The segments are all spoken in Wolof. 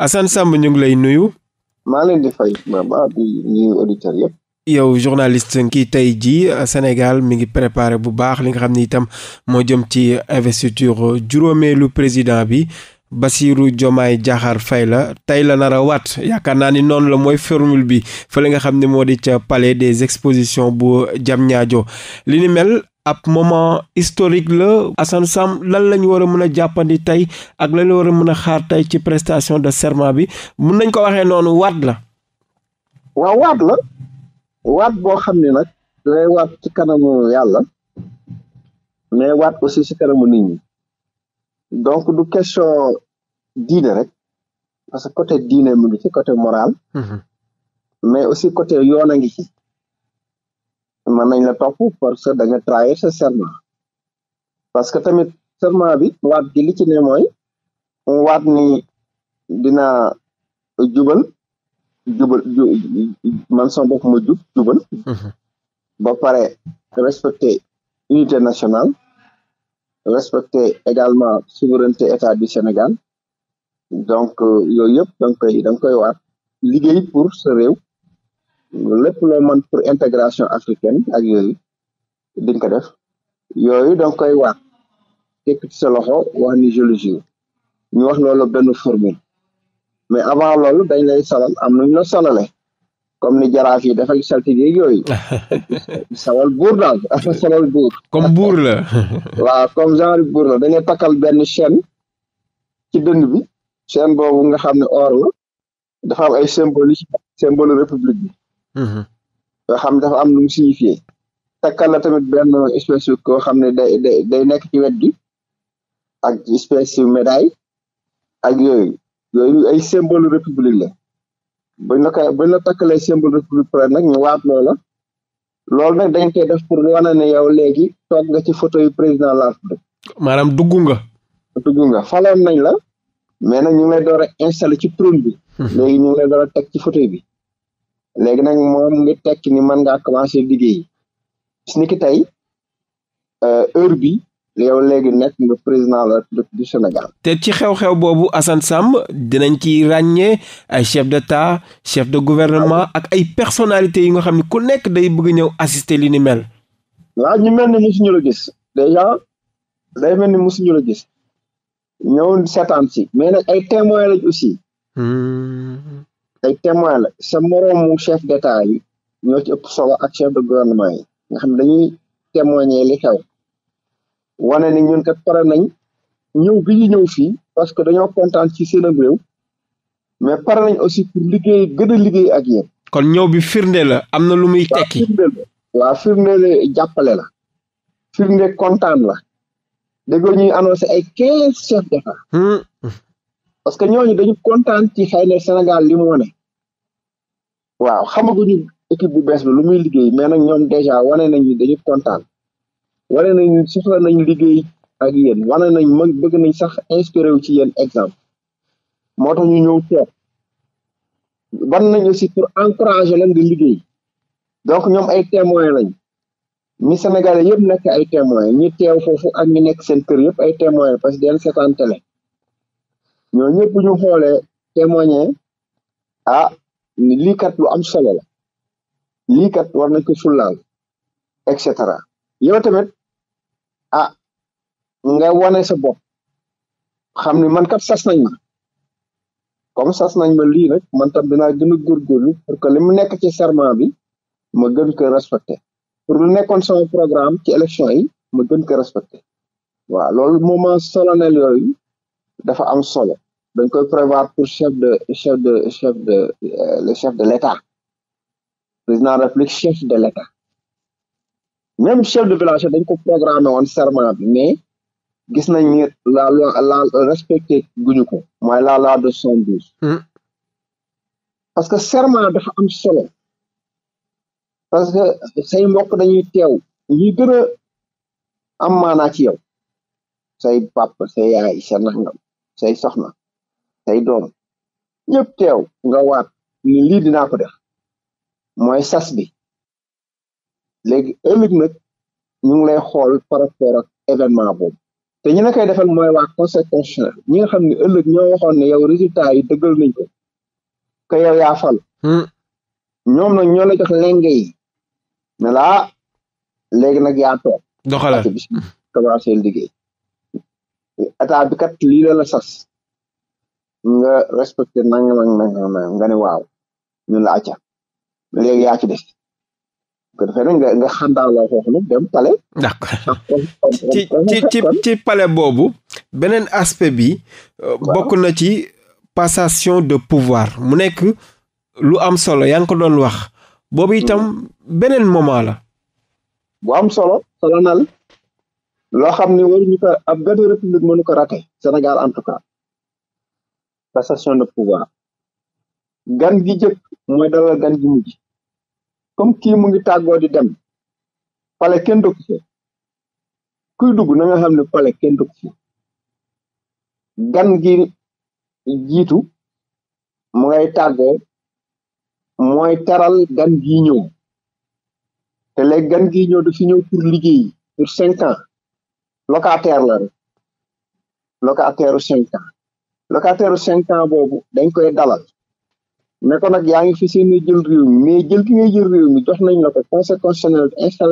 Assane Samb ñu ngi lay nuyu. maa leen kii tey jii Sénégal mi ngi préparé bu baax li nga xam ni itam moo jëm ci investiture juróomeelu président bi Bassirou Diomaye Diakhar fay la tey la nar a waat yaakaar naa ni noonu la mooy formule bi fa li nga xam ne moo di ca palais des expositions bu Diamniadio li ni mel ab moment historique la assan Sam lan lañu war a mën a jàppandi tey ak lan la war a mën a xaar tey ci prestation de serment bi mun nañ ko waxee noonu waat la waaw waat la waat boo xam ne nag day waat ci kanamu yàlla mais waat aussi ci kanamu nit ñi donc du question diine rek parce que côté diine mu ngi ci côté moral mhm. mais aussi côté yoon a ngi ci mën nañ la topp parce que da nga trahir sa serment parce que tamit serment bi waat gi li ci ne mooy ni dinaa jubal jubal man sama bopp ma jub jubal mhm. ba pare respecter unité national respecter également souveraineté état du Sénégal donc euh, yooyu yëpp da nga koy da nga koy liggéey pour sa réew lépp loo mën pour intégration africaine ak yooyu diñ ko def yooyu danga koy waat tekk ci sa loxo wax ni je le ñu wax loolu benn formule mais avant loolu dañ lay salal am nuñ la salale comme ni jaraaf yi dafay saltige yooyu sawal buur daal dafa sawal buur comme buur la waaw comme genre buur la dañuy takkal benn chaine ci dënd bi chaîne boobu nga xam ne or la dafa am ay symbole symbole république bi Mm-hmm. nga xam dafa am lu mu signifié takkal la tamit benn espèce koo xam ne day day day nekk ci wet gi ak espèce médaille ak yooyu yooyu ay symbole république la ba la koy buñ la takkalee symbole république pare nag ñu waat loola loolu nag dañ koy def pour wane ne yow léegi toog nga ci photo président la République maanaam dugg nga dugg nga faloon nañ la mais nag ñu ngi lay door a installé ci trône bi mm-hmm. léegi ñu ngi lay door a teg ci fauteuil bi léegi nag moom ngi tekki ni man ngaa commencé liggéey bis ni ki tey euh, heure bi yow léegi nekk nga président la République du Sénégal te ci xew-xew boobu assan Samb dinañ ci ràññee ay chef d'état chef de gouvernement ak ay personnalités yi nga xam ni ku nekk day bëgg ñëw assister li ni mel waaw ñu mel ni musuñu la gis déjà day mel ni musuñu la gis ñëw seetaan si mais nag ay témoins lañ aussi hmm. ay témoin la sa moroomu chef d'état yi ñoo ci ëpp solo ak chef de gouvernement yi nga xam dañuy témoigner li xew wane ni ñun nañ ñëw bi ñu ñëw fii parce que dañoo kontaan ci seen réew mais pare nañ aussi pour liggéey gën a liggéey ak yéen. kon ñëw bi firnde la am na lu muy tekki waaw firnde la jàppale la firnde kontaan la déggoo ñuy annoncé ay quinze chefs d'état hmm. parce que ñooñu dañu kontaan ci xëy na Sénégal li mu wane waaw xamaguñu équipe bu bees bi lu muy liggéey mais nag ñoom dèjà wane nañu dañu kontaan wane nañ soxla nañu liggéey ak yéen wane nañ mag bëgg nañ sax inspiré wu ci yéen exemple moo tax ñu ñëw teew ban nañ aussi pour encourager leen di liggéey donc ñoom ay témoins lañ ñi Sénégalais yëpp nekk ay témoins ñi teew foofu ak ñi nekk seen kër yëpp ay témoins parce que dañ seetaan télé ñoo ñëpp ñu xoolee témoigné ah lii kat lu am solo la lii kat war nañ ko fullaal et cetera yow tamit ah nga wane sa bopp xam ni man kat sas nañ ma comme sas nañ ma lii nag man tam dinaa gën a góorgóorlu pour que li mu nekk ci serment bi ma gën ko respecté pour lu nekkoon sama programme ci élection yi ma gën ko respecté waaw loolu moma solennel yooyu dafa am solo dañ koy prévoir pour chef de chef de chef de euh, le chef de l'État président de la République chef de l'État même chef de village dañ ko programmé woon serment bi mais gis nañ ni la loi la respecté guñu ko mooy la loi de soixante douze hmm. parce que serment dafa am solo parce que say mbokk dañuy teew ñuy gën a am maanaa ci yow say pap say yaay sa nangam say soxna say doom ñëpp teew nga waat ni lii dinaa ko def mooy sas bi léegi ëllëg nag ñu ngi lay xool par rapport ak événement boobu te ñu la kay defal mooy waa conseil constitutionnel ñi nga xam ne ëllëg ñoo waxoon ne yow résultat yi dëggal nañ ko que yow yaa fal hmm. ñoom nag ñoo la jox lenge yi ne laa ah, léegi nag yaa toog doxalal commencé liggéey état bi kat lii la la sas nga respecté nangam ak nangam nga ne waaw ñun la acca léegi yaa ci des ko defee nag nga nga xandaa la foofu nag dem pale d'accord ci ci ci ci pale boobu beneen aspect bi euh, bokk na ci passation de pouvoir mu nekk lu am solo yaa ngi ko doon wax boobu itam hmm. beneen moment la bu am solo solo nal loo xam ne waruñu ko ab benn république mënu ko rate Sénégal en tout cas passation de pouvoir gan gi jëkk mooy dalal gan gi mujj comme kii mu ngi tàggoo di dem pale kenn dëkku fa kuy dugg na nga xam ne pale kenn dëkku fa gan gi jiitu mu ngay tàggoo mooy taral gan gi ñëw te léegi gan gi ñëw du fi ñëw pour liggéey pour cinq ans locataire la rek locataire u cinq ans locataire cinq ans boobu dañ koy dalal ne ko nag yaa ngi fi si ni jël réew mi mais jël ki ngay jël réew mi jox nañ la ko conseil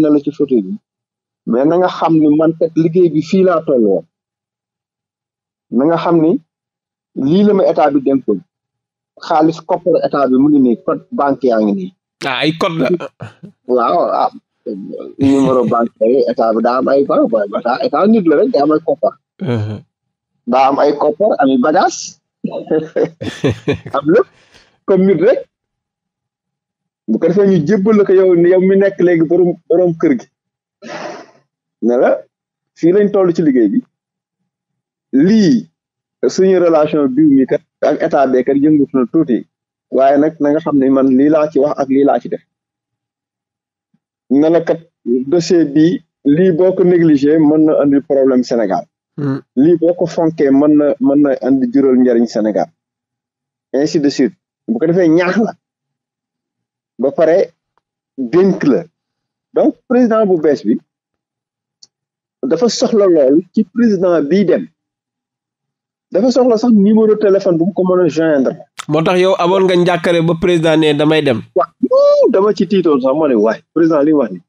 na la ci fauteuil bi mais na nga xam ni man kat liggéey bi fii laa toll nga xam ni lii a état bi dénkoon xaalis koppar état bi mu ngi nii code banque yaa ngi nii. ah ay code numéro banque état bi daa am ay ta ba nit la rek daa am ay koppar daa am ay koppar am bagage am lépp comme nit rek bu ko defee ñu jébbal la ko yow yow mi nekk léegi borom borom kër gi ne la lañ toll ci liggéey bi lii suñu relation biw mi kat ak état bi kat yëngatu na tuuti waaye nag na nga xam ne man lii laa ci wax ak lii laa ci def ne kat dossier bi lii boo ko négligé mën na andi problème Sénégal. Hmm. lii boo ko fonkee mën na mën na indi juróol njariñ Sénégal ainsi de suite bu ko defee ñaax ba pare dénk la donc président bu bees bi dafa soxla lool ci président bii dem dafa soxla sax numéro téléphone bu mu ko mën a joindre moo tax yow amoon nga njàkkare ba président ne damay dem. waaw dama ci tiitoon sax ma ne waay président li wax ni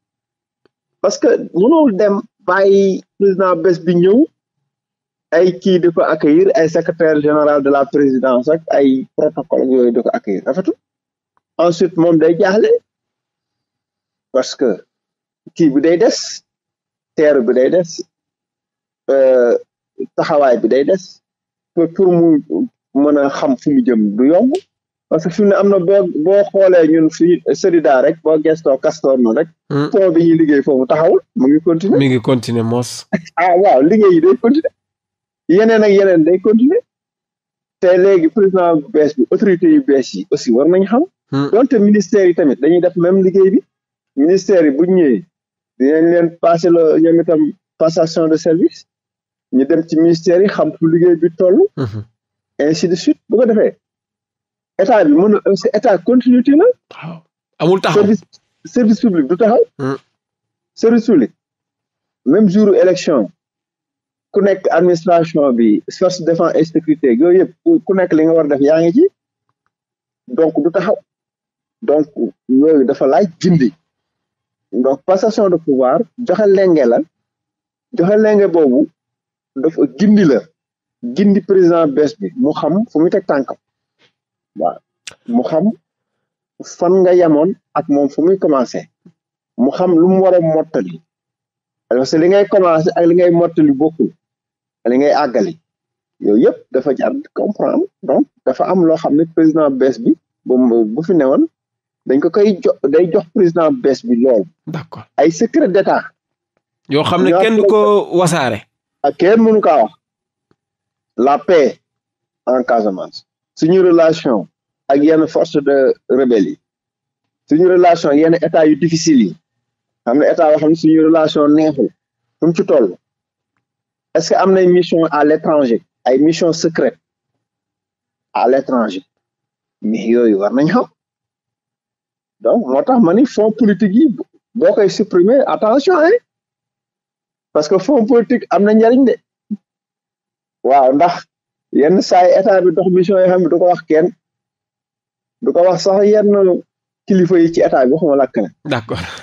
parce que mënul dem bàyyi président bés bi ñëw ay kii di ko ay secrétaire général de la présidence ak ay protocole yooyu di ko accueillir rafetul ensuite moom day jaaxle parce que kii bi day des teeru bi day des euh, taxawaay bi day des pour mu mën a xam fu mu jëm du yomb parce que fi ne am na boo boo xoolee ñun fi Sérida rek boo gestoo Castor na rek. Hmm. pont bi ñuy liggéey foofu taxawul mu ngi continuer mi ngi continuer mos. ah waaw liggéey yi day continuer yeneen ak yeneen day continuer te léegi président bu bees bi autorité yu bees yi aussi war nañ xam. Hmm. donte ministère yi tamit dañuy def même liggéey bi ministère yi buñ ñëwee dinañ leen passé la ñoom itam passation de service ñu dem ci ministère yi xam fu liggéey bi toll. Hmm. ainsi de suite bu ko defee état bi mën na euh, état continuité amul taxaw service service public du taxaw. Hmm. service public même jour élection ku nekk administration bi force défense et sécurité yooyu yëpp ku nekk li nga war def yaa ngi ci donc du taxaw donc yooyu dafa laaj jindi donc passation de pouvoir joxel lenge la joxe lenge boobu dafa gindi la. gindi président bees bi mu xam fu muy teg tànkam waaw mu xam fan nga yemoon ak moom fu muy commencé mu xam lu mu war a mottali parce que li ngay commencé ak li ngay mottali bokkul li ngay àggali yooyu yëpp dafa jar comprendre donc dafa am loo xam ne président bees bi bu bu fi newoon dañ ko koy jox day jox président bees bi loolu d'accord ay secret d'état yoo xam ne kenn du ko wasaare ak kenn mënu kaa wax la paix en Casamance suñu relation ak yenn force de rebelle yi suñu relation yenn état yu difficile yi xam ne état yoo xam ne suñu relation neexu fu ci toll est-ce que am na mission à l'étranger ay mission secrète à l'étranger mais yooyu war nañ xam donc moo tax ma ni fonds politique yi boo koy supprimer attention hein parce que fonds politique am na njariñ de waaw ndax yenn saay état bi dox mission yoo xam ne du ko wax kenn du ko wax sax yenn kilifa yi ci état bi waxuma lakk na. d'accord.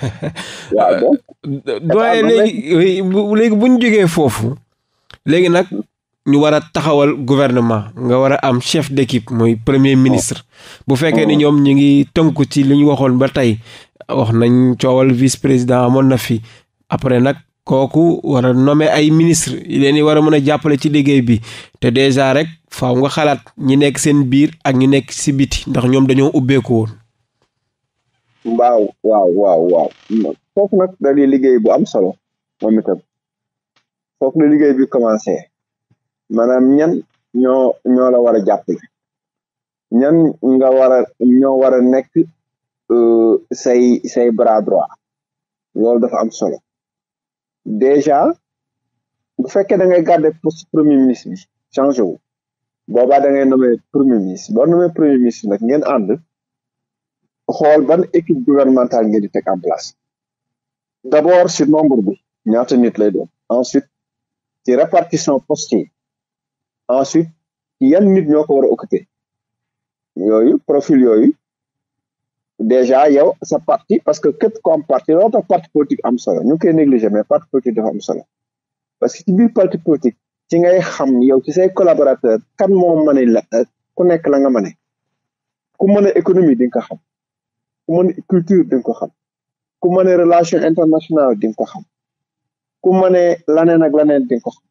waaw donc. doyen léegi léegi bu jógee foofu léegi nag. ñu war a taxawal gouvernement nga war a am chef d'équipe mooy premier ministre oh. bu fekkee ni oh. ñoom ñu ngi tënku ci li ñu waxoon ba tey wax nañ coowal vis président amoon na fi après nag kooku war a nommer ay ministre leen i war a mën a jàppale ci liggéey bi te déjà rek faaw nga xalaat ñi nekk seen biir ak ñi nekk si biti ndax ñoom dañoo ubbeeku woon waaw waaw waaw waaw foofu nag da di liggéey bu am solo moom itam foofu la liggéey bi commencé maanaam ñan ñoo ñoo la war a jàppale ñan nga war a ñoo war a nekk euh, say say bras droit loolu dafa am solo déjà bu fekkee da ngay garder poste premier ministre bi changé wu boobaa da ngay nommé premier ministre boo nommé premier ministre nag ngeen ànd xool ban équipe gouvernementale ngeen di teg en place d'abord si nombre bi ñaata nit lay doon ensuite ci répartition poste yi ensuite yan nit ñoo ko war a occuper yooyu profil yooyu déjà yow sa parti parce que képp ku am parti loolu tax parti politique am solo ñu ngi koy négligé mais parti politique dafa am solo parce que biir parti politique ci ngay xam yow ci say collaborateur kan moom mën la euh, ku nekk la nga ma ne ku mën a économie di nga ko xam ku mën a culture di nga ko xam ku mën a relation internationale di nga ko xam ku mën a laneen ak laneen di nga ko xam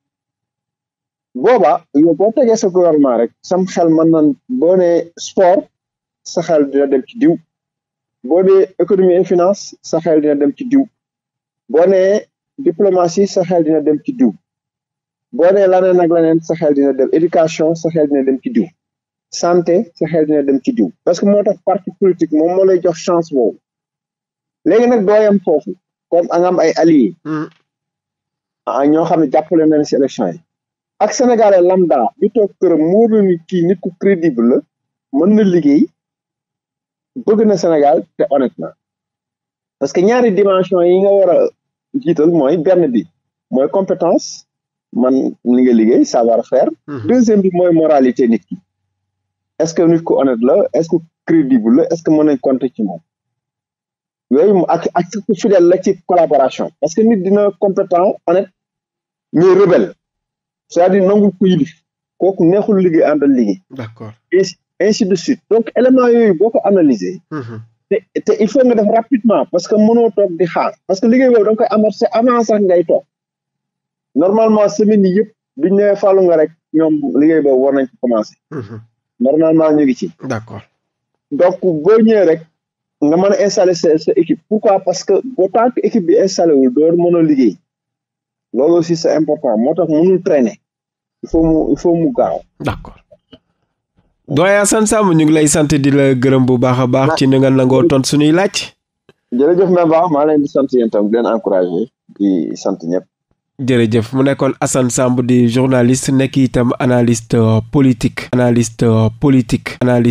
booba yow boo tegee sa gouvernement rek sam xel mën nan boo ne sport sa xel dina dem ci diw boo dee économie et finance sa xel dina dem ci diw boo nee diplomatie sa xel dina dem ci diw boo nee laneen ak laneen sa xel dina dem éducation sa xel dina dem ci diw santé sa xel dina dem ci diw parce que moo tax parti politique moom moo lay jox chance boobu léegi nag dooyam foofu comme a nga ay alliés hmm. a ah, ñoo xam ne jàppale nañ si élection ak ak sénégalais lambda bi toog këram muur na ni kii nit crédible la mën na liggéey bëgg na Sénégal te honnêtement parce que ñaari dimension yi nga war a jiital mooy benn bi mooy compétence man ni nga liggéey savoir faire mhm. deuxième bi mooy moralité nit ki est-ce que nit ku honnête la est-ce que crédible la est-ce que mën nañ ci moom yooyu ak ak la ci collaboration parce que nit dina compétent honnête mais rebelle c'est-à-dire nangu ko yilif kooku neexul liggéey àndal liggéey d'accord ainsi de suite donc éléments yooyu boo ko analyser mhm. te te il faut nga def rapidement parce que mënoo toog di xaar parce que liggéey boobu da nga koy amorcé avant sax ngay toog normalement semaine yi yëpp biñ nee fàllu nga rek ñoom liggéey boobu war nañ ko commencé mhm. normalement ñu ngi ci d'accord donc boo ñëwee rek nga mën a installé sa sa équipe pourquoi parce que boo tant que équipe bi installé wul doo mën a liggéey loolu aussi c'est important moo tax mënul traîner il faut mu il mu gaaw d'accord doyen Assane Samb ñu ngi lay sant di la gërëm bu baax a baax ci ni nga nangoo tontu suñuy laaj. jërëjëf na baax maa leen di sant yéen tam di leen encouragé di sant ñëpp. jërëjëf mu nekkoon Assane Samb di journaliste nekk itam analyste politique analyste politique analyste.